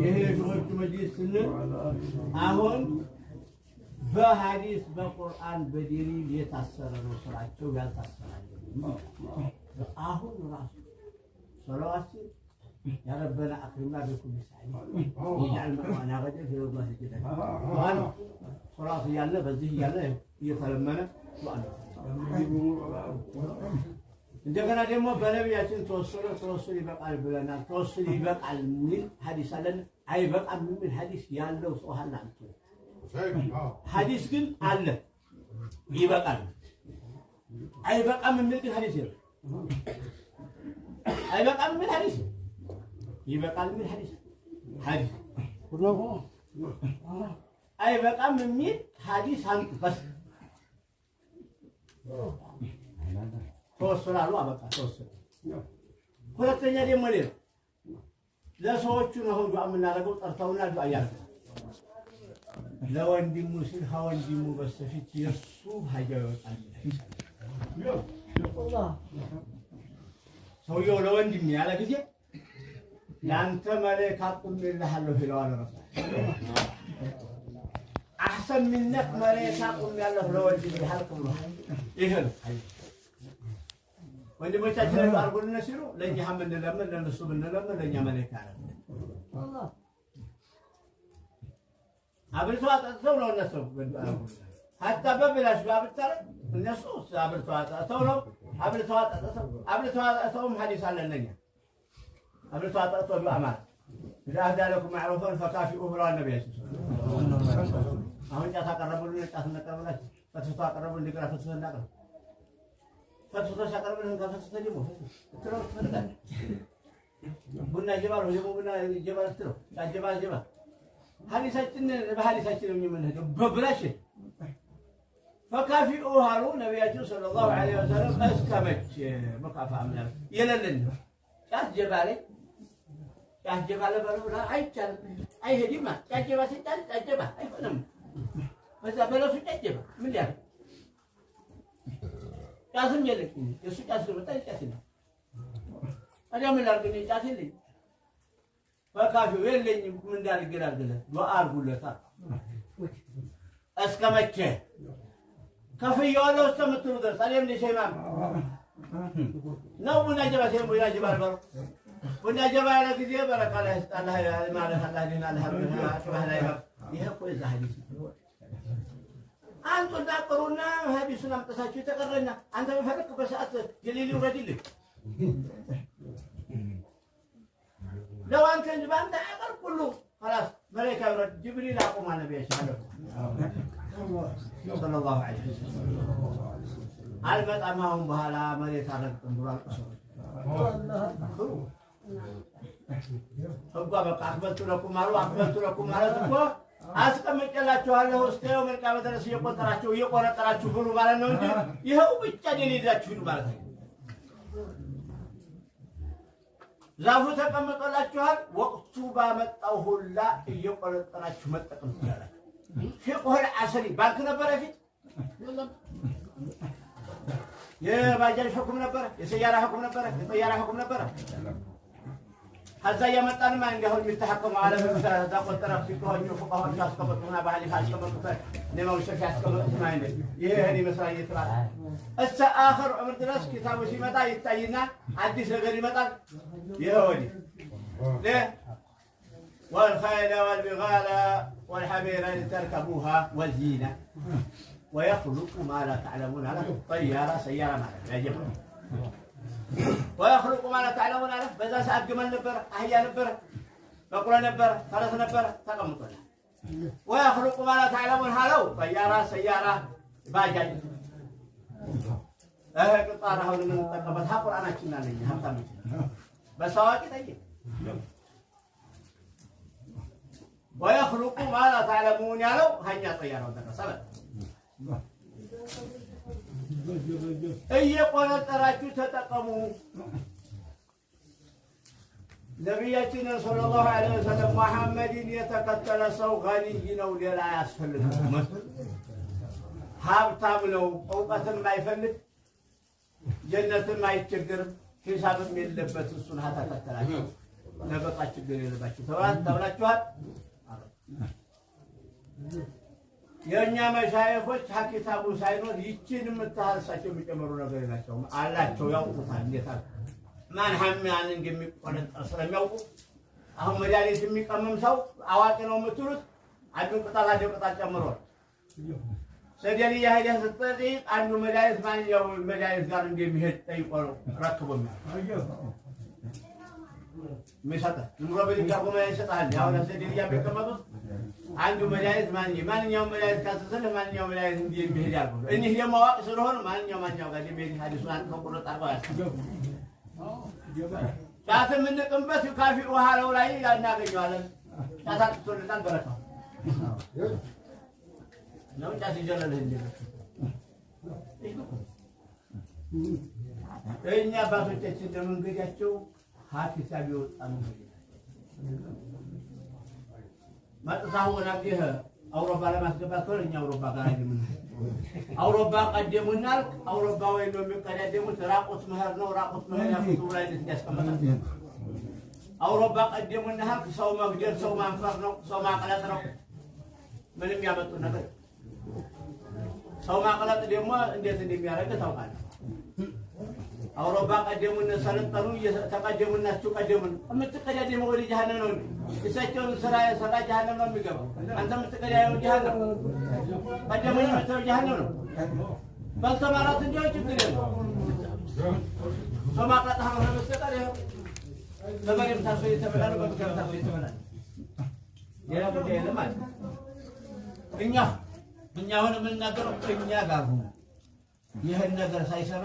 ይሄ ሾቹ መጅሊስ ስንል አሁን በሐዲስ በቁርአን በደሊል የታሰረ ነው ስራቸው ያልታሰረ አሁን ራሱ ሰለዋችን يا ربنا أكرمنا بكم سعيد واجعل معنا غدا في الله جدا وأنا خلاص يلا بزيه يلا يتلمنا وأنا እንደገና ደግሞ በነቢያችን ተወሰነ ተወስል ይበቃል ብለናል። ተወስል ይበቃል የሚል ሐዲስ አለን። አይበቃም የሚል ሐዲስ ያለው ሰው አለ። ሐዲስ ግን አለ ይበቃል። አይበቃም የሚል ግን ሐዲስ የለም። አይበቃም የሚል ሐዲስ ይበቃል የሚል ሐዲስ ሐዲስ አይበቃም የሚል ሐዲስ አንጥፈስ ሶስት ስላሉ አበቃ። ሶስት ሁለተኛ ደግሞ ሌላ ለሰዎቹ ነው ዱዓ የምናደርገው። ጠርተውና ዱዓ እያደረገ ለወንድሙ ሲል ከወንድሙ በስተፊት የእሱ ሀያው ይወጣል። ሰውየው ለወንድም ያለ ጊዜ ለአንተ መላእክት አቁሜልሃለሁ ይለዋል። ረሳ አሕሰን ሚነክ አቁሜያለሁ ለወንድም ይልሃል። ይህ ነው ወንድሞቻችን አርጉልን ሲሉ ለእኛ ብንለምን ለእነሱ ብንለምን ለእኛ መለካ አለ አብልተው አጠጥተው ነው እነሱ ሀታ በብላሽ ባብታረ እነሱ አብልተው አጠጥተው ነው አብልተው አጠጥተው አብልተው አጠጥተውም ሀዲስ አለን ለኛ አብልተው አጠጥተው ዱዓ ማለት ኢዛ አህዳ ማዕሩፈን ፈካፊኡ ብለዋል ነቢያችን። አሁን ጫት አቀረቡልን ጫት እናቀርብላችሁ ፈትፍቶ አቀረቡልን ፈትፍቶ እናቀርብ Fatura Sakarya'nın kafasında değil bu. Tırok tırok da. Bunlar cevap hocam bunlar cevap tırok. Ya cevap cevap. Hani saçın ne? Hani saçın ne? Bıbıra şey. فكافئوها رو نبياتي صلى الله عليه وسلم أسكمت مكافأة من يللن يا جبالي يا جبالي برولا أي كان أي هديمة يا جبالي تال يا جبالي أي فنم بس بلو في الجبال من يعني ጫትም የለኝም። የእሱ ጫት ስለመጣ ጫት የለኝም። ታዲያ ምን ላድርግ? እኔ ጫት የለኝም፣ በካፌው የለኝም። ምን እንዳድርግ ላድርግለት? ዱዓ አድርጉለታ። እስከ መቼ ከፍየዋለሁ እስከምትሉ ድረስ ታዲያ እንደ ሸይማን ነው። ቡና ጀባ ሲሆን ቡና ጀባ አልበረው ቡና ጀባ ያለ ጊዜ በረካ ላይ ስጣላ ማለት አላ ዲና አልሐምዱላ ቅባህ ይሄ እኮ የዛ ሀዲስ ነው አንጡና ቅሩና ሀዲሱን አምጥታችሁ የተቀረና አንተ በፈለክበት ሰዓት የሌሊ ውረድልህ። ለው እንጂ በአንተ አቀር ሁሉ ላስ መላኢካ ይውረድ ጅብሪል አቁማ ነቢያችን አለፉ አልመጣም አሁን በኋላ መሬት አረግጥም ብሎ አልቅሶ ህጓ በቃ አክበልቱ ለኩም አሉ አክበልቱ ለኩም ማለት እኮ አስቀምጬላችኋለሁ። እስከ መልካም መድረስ እየቆጠራችሁ እየቆነጠራችሁ ብሉ ማለት ነው እንጂ ይኸው ብቻ ደን ይዛችሁ ሂዱ ማለት ነው። ዛፉ ተቀምጦላችኋል። ወቅቱ ባመጣው ሁላ እየቆነጠራችሁ መጠቀም ትችላላችሁ። ፊቆል አሰሪ ባንክ ነበረ ፊት የባጃጅ ህኩም ነበረ፣ የሰያራ ህኩም ነበረ፣ የጠያራ ህኩም ነበረ هذا يمتن ما عنده هون يتحكم على مثلا هذا قلت رب في كهون يفقه هون شخص كبت هنا بحالي خاش كبت نما وش شخص كبت ما عنده يه هني مثلا يطلع أسا آخر عمر دراس كتاب وشي متى يتعينا عدي سغير متى يه هوني ليه والخيل والبغال والحمير اللي تركبوها والزينة ويخلق ما لا تعلمون هذا طيارة سيارة ما لا يجب ወያክሉቁ ማለት ታለሙን አለ። በዛ ሰዓት ግመል ነበረ፣ አህያ ነበረ፣ በቅሎ ነበረ፣ ፈረስ ነበረ ተቀምጧል። ወያክሉቁ ማለት ታለሙን አለው። ጠያራ፣ ሰያራ፣ ባጃጅ እህ ቅጣር አሁን የምንጠቀምበት ቁርአናችን አለኝ ሀብታሞች በሰው አዋቂ ጠይቅ ወያክሉቁ ማለት ታለሙን ያለው ሀኛ ጠያራው ተቀሰበ እየቆነጠራችሁ ተጠቀሙ። ነቢያችን ሰለላሁ ዐለይሂ ወሰለም መሐመድን የተከተለ ሰው ገኒይ ነው፣ ሌላ አያስፈልግም። ሀብታም ነው፣ እውቀትም አይፈልግ፣ ጀነትም አይቸግርም፣ ሂሳብም የለበት። እሱን ተከተላችሁ ለበቃ ችግር የለባችሁ ተብላችኋል። የእኛ መሻየፎች ሀኪታቡ ሳይኖር ይችን የምታሳቸው እሳቸው የሚጨምሩ ነገር የላቸውም አላቸው። ያውቁታል። እንዴት ማን ሀሚያን እንደሚቆነጠር ስለሚያውቁ አሁን መድኃኒት የሚቀምም ሰው አዋቂ ነው የምትሉት አንዱን ቅጣት አንዱ ቅጣት ጨምሯል። ሰደን እያሄደ ስጠጢ አንዱ መድኃኒት ማንኛው መድኃኒት ጋር እንደሚሄድ ጠይቆ ነው ረክቦ የሚሰጠህ ዝም ብሎ በድጋቁ መድኃኒት ይሰጠሃል። አሁን ሰደን እያ የሚቀመጡት አንዱ መድኃኒት ማን ማንኛውም መድኃኒት ካሰሰ ለማንኛው መድኃኒት እንዲህ የሚሄድ ያሉ እኒህ ደግሞ አዋቂ ስለሆኑ ማንኛው ማንኛው ጋር የሚሄድ ሀዲሱን አንድ ከቁረጥ አርባ ያስገቡ ጫት የምንቅምበት ካፊ ውሃ ለው ላይ እናገኘዋለን። ጫት አጥቶልናል። በረካ ነው። ጫት ይጀለልህ እንዲ እኛ አባቶቻችን ደግሞ እንግዲያቸው ሀፊሳ ቢወጣ ነው መጥታሁ ወዳብህ አውሮፓ ለማስገባት ከሆነ እኛ አውሮፓ ጋር አይደለም። አውሮፓ ቀደሙና አውሮፓ ወይ ነው የሚቀዳደሙት። ራቁት መኸር ነው ራቁት መኸር ያቁት ላይ ያስቀመጠ አውሮፓ ቀደሙና ሰው መግደል፣ ሰው ማንፈር ነው ሰው ማቅለጥ ነው። ምንም ያመጡ ነገር ሰው ማቅለጥ ደግሞ እንዴት እንደሚያደርግ ታውቃለህ። አውሮፓ ቀደሙን፣ ሰለጠኑ፣ ተቀደሙናችሁ፣ ቀደሙን። የምትቀዳደመ ወደ ጀሃነም ነው። እሳቸውን ስራ የሰራ ጀሃነም ነው የሚገባው። አንተ የምትቀዳደመው ጀሃነም ቀደሙኝ የምትለው ጀሃነም ነው። ባልተማራት እንዲያው ችግር የለውም። ሰማቀጣ ሆነ መስጠጠር ይኸው በመሪም ታሶ የተበላል፣ በምክር ታሶ የተበላል። ሌላ ጉዳይ የለም ማለት እኛ እኛ አሁን የምንናገረው እኛ ጋር ሆነ ይህን ነገር ሳይሰራ